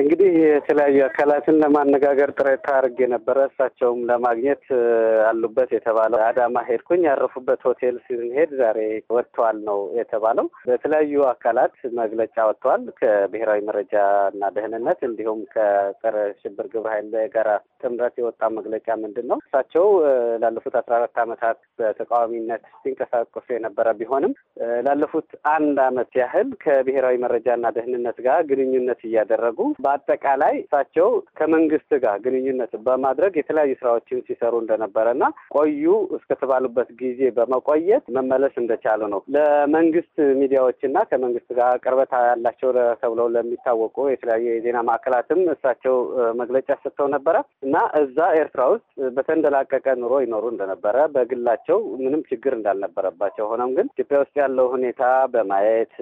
እንግዲህ የተለያዩ አካላትን ለማነጋገር ጥረት አድርጌ ነበረ። እሳቸውም ለማግኘት አሉበት የተባለው አዳማ ሄድኩኝ። ያረፉበት ሆቴል ስንሄድ ዛሬ ወጥተዋል ነው የተባለው። በተለያዩ አካላት መግለጫ ወጥተዋል። ከብሔራዊ መረጃ እና ደህንነት እንዲሁም ከጸረ ሽብር ግብረ ኃይል የጋራ ጥምረት የወጣ መግለጫ ምንድን ነው? እሳቸው ላለፉት አስራ አራት ዓመታት በተቃዋሚነት ሲንቀሳቀሱ የነበረ ቢሆንም ላለፉት አንድ ዓመት ያህል ከብሔራዊ መረጃ እና ደህንነት ጋር ግንኙነት እያደረጉ በአጠቃላይ እሳቸው ከመንግስት ጋር ግንኙነት በማድረግ የተለያዩ ስራዎችን ሲሰሩ እንደነበረና ቆዩ እስከተባሉበት ጊዜ በመቆየት መመለስ እንደቻሉ ነው። ለመንግስት ሚዲያዎችና ከመንግስት ጋር ቅርበት ያላቸው ተብለው ለሚታወቁ የተለያዩ የዜና ማዕከላትም እሳቸው መግለጫ ሰጥተው ነበረ እና እዛ ኤርትራ ውስጥ በተንደላቀቀ ኑሮ ይኖሩ እንደነበረ በግላቸው ምንም ችግር እንዳልነበረባቸው ሆኖም ግን ኢትዮጵያ ውስጥ ያለው ሁኔታ በማየት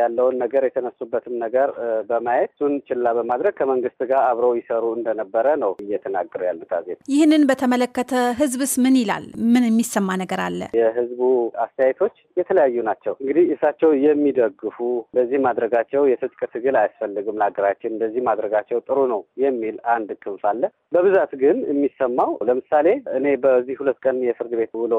ያለውን ነገር የተነሱበትም ነገር በማየት እሱን ችላ በማድረግ ከመንግስት ጋር አብረው ይሰሩ እንደነበረ ነው እየተናገረ ያሉት። አዜብ ይህንን በተመለከተ ህዝብስ ምን ይላል? ምን የሚሰማ ነገር አለ? የህዝቡ አስተያየቶች የተለያዩ ናቸው። እንግዲህ እሳቸው የሚደግፉ በዚህ ማድረጋቸው የትጥቅ ትግል አያስፈልግም ለሀገራችን እንደዚህ ማድረጋቸው ጥሩ ነው የሚል አንድ ክንፍ አለ። በብዛት ግን የሚሰማው ለምሳሌ እኔ በዚህ ሁለት ቀን የፍርድ ቤት ውሎ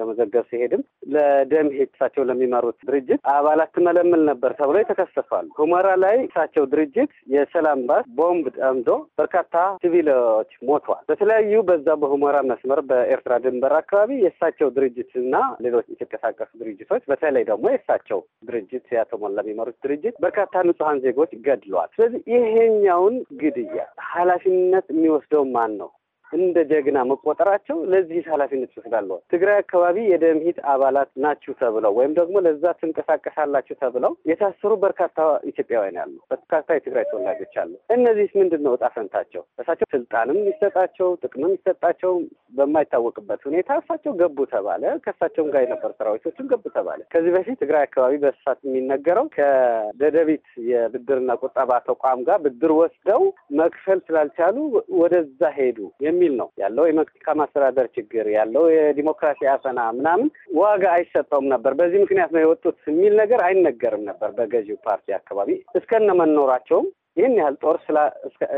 ለመዘገብ ሲሄድም ለደም እሳቸው ለሚመሩት ድርጅት አባላት ትመለምል ነበር ተብሎ የተከሰሷል። ሁመራ ላይ እሳቸው ድርጅት የ ሰላም ባስ ቦምብ ጠምዶ በርካታ ሲቪሎች ሞተዋል። በተለያዩ በዛ በሁመራ መስመር በኤርትራ ድንበር አካባቢ የእሳቸው ድርጅትና ሌሎች የተንቀሳቀሱ ድርጅቶች በተለይ ደግሞ የእሳቸው ድርጅት አቶ ሞላ የሚመሩት ድርጅት በርካታ ንጹሐን ዜጎች ገድሏል። ስለዚህ ይሄኛውን ግድያ ኃላፊነት የሚወስደው ማን ነው? እንደ ጀግና መቆጠራቸው ለዚህ ኃላፊነት ይወስዳለዋል። ትግራይ አካባቢ የደምሂት አባላት ናችሁ ተብለው ወይም ደግሞ ለዛ ትንቀሳቀሳላችሁ ተብለው የታሰሩ በርካታ ኢትዮጵያውያን ያሉ በርካታ የትግራይ ተወላጆች አሉ። እነዚህ ምንድን ነው እጣ ፈንታቸው? እሳቸው ስልጣንም ይሰጣቸው ጥቅምም ይሰጣቸው በማይታወቅበት ሁኔታ እሳቸው ገቡ ተባለ። ከእሳቸውም ጋር የነበሩ ሰራዊቶችም ገቡ ተባለ። ከዚህ በፊት ትግራይ አካባቢ በስፋት የሚነገረው ከደደቢት የብድርና ቁጠባ ተቋም ጋር ብድር ወስደው መክፈል ስላልቻሉ ወደዛ ሄዱ የሚል ነው ያለው። የመልካም አስተዳደር ችግር ያለው የዲሞክራሲ አፈና ምናምን ዋጋ አይሰጠውም ነበር። በዚህ ምክንያት ነው የወጡት የሚል ነገር አይነገርም ነበር በገዢው ፓርቲ አካባቢ እስከነ መኖራቸውም ይህን ያህል ጦር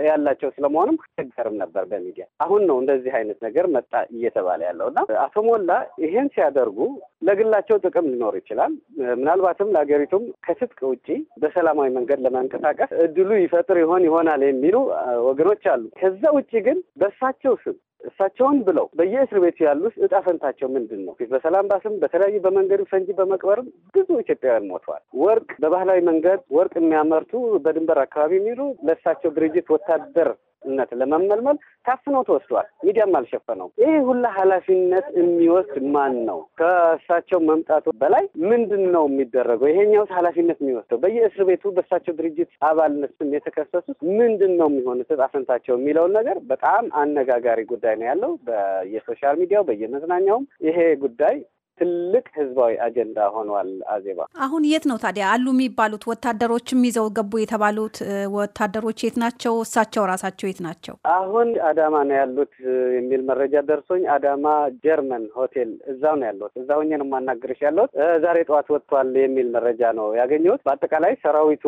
ያላቸው ስለመሆኑም ክትገርም ነበር በሚዲያ አሁን ነው እንደዚህ አይነት ነገር መጣ እየተባለ ያለው እና አቶ ሞላ ይህን ሲያደርጉ ለግላቸው ጥቅም ሊኖር ይችላል። ምናልባትም ለሀገሪቱም ከትጥቅ ውጪ በሰላማዊ መንገድ ለመንቀሳቀስ እድሉ ይፈጥር ይሆን ይሆናል የሚሉ ወገኖች አሉ። ከዛ ውጭ ግን በእሳቸው ስም እሳቸውን ብለው በየእስር ቤቱ ያሉት እጣ ፈንታቸው ምንድን ነው? በሰላም ባስም በተለያዩ በመንገድ ፈንጂ በመቅበርም ብዙ ኢትዮጵያውያን ሞተዋል። ወርቅ በባህላዊ መንገድ ወርቅ የሚያመርቱ በድንበር አካባቢ የሚሉ ለእሳቸው ድርጅት ወታደር እነት ለመመልመል ታፍኖ ተወስዷል። ሚዲያም አልሸፈነው። ይህ ሁላ ኃላፊነት የሚወስድ ማን ነው? ከእሳቸው መምጣቱ በላይ ምንድን ነው የሚደረገው? ይሄኛውስ ኃላፊነት የሚወስደው በየእስር ቤቱ በእሳቸው ድርጅት አባልነት ስም የተከሰሱት ምንድን ነው የሚሆን አፈንታቸው የሚለውን ነገር በጣም አነጋጋሪ ጉዳይ ነው ያለው በየሶሻል ሚዲያው በየመዝናኛውም ይሄ ጉዳይ ትልቅ ህዝባዊ አጀንዳ ሆኗል። አዜባ አሁን የት ነው ታዲያ አሉ የሚባሉት ወታደሮችም ይዘው ገቡ የተባሉት ወታደሮች የት ናቸው? እሳቸው ራሳቸው የት ናቸው? አሁን አዳማ ነው ያሉት የሚል መረጃ ደርሶኝ፣ አዳማ ጀርመን ሆቴል እዛው ነው ያለሁት። እዛ ነው የማናግርሽ ያለሁት። ዛሬ ጠዋት ወጥቷል የሚል መረጃ ነው ያገኘሁት። በአጠቃላይ ሰራዊቱ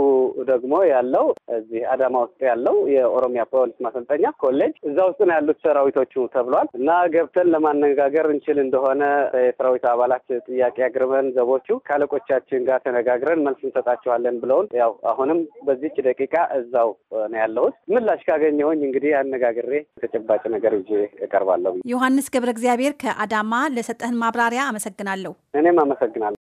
ደግሞ ያለው እዚህ አዳማ ውስጥ ያለው የኦሮሚያ ፖሊስ ማሰልጠኛ ኮሌጅ እዛ ውስጥ ነው ያሉት ሰራዊቶቹ ተብሏል። እና ገብተን ለማነጋገር እንችል እንደሆነ የሰራዊት አባላት ጥያቄ አቅርበን ዘቦቹ ከአለቆቻችን ጋር ተነጋግረን መልስ እንሰጣቸዋለን ብለውን ያው አሁንም በዚች ደቂቃ እዛው ነው ያለሁት። ምላሽ ካገኘሁኝ እንግዲህ አነጋግሬ ተጨባጭ ነገር ይዤ እቀርባለሁ። ዮሐንስ ገብረ እግዚአብሔር ከአዳማ ለሰጠህን ማብራሪያ አመሰግናለሁ። እኔም አመሰግናለሁ።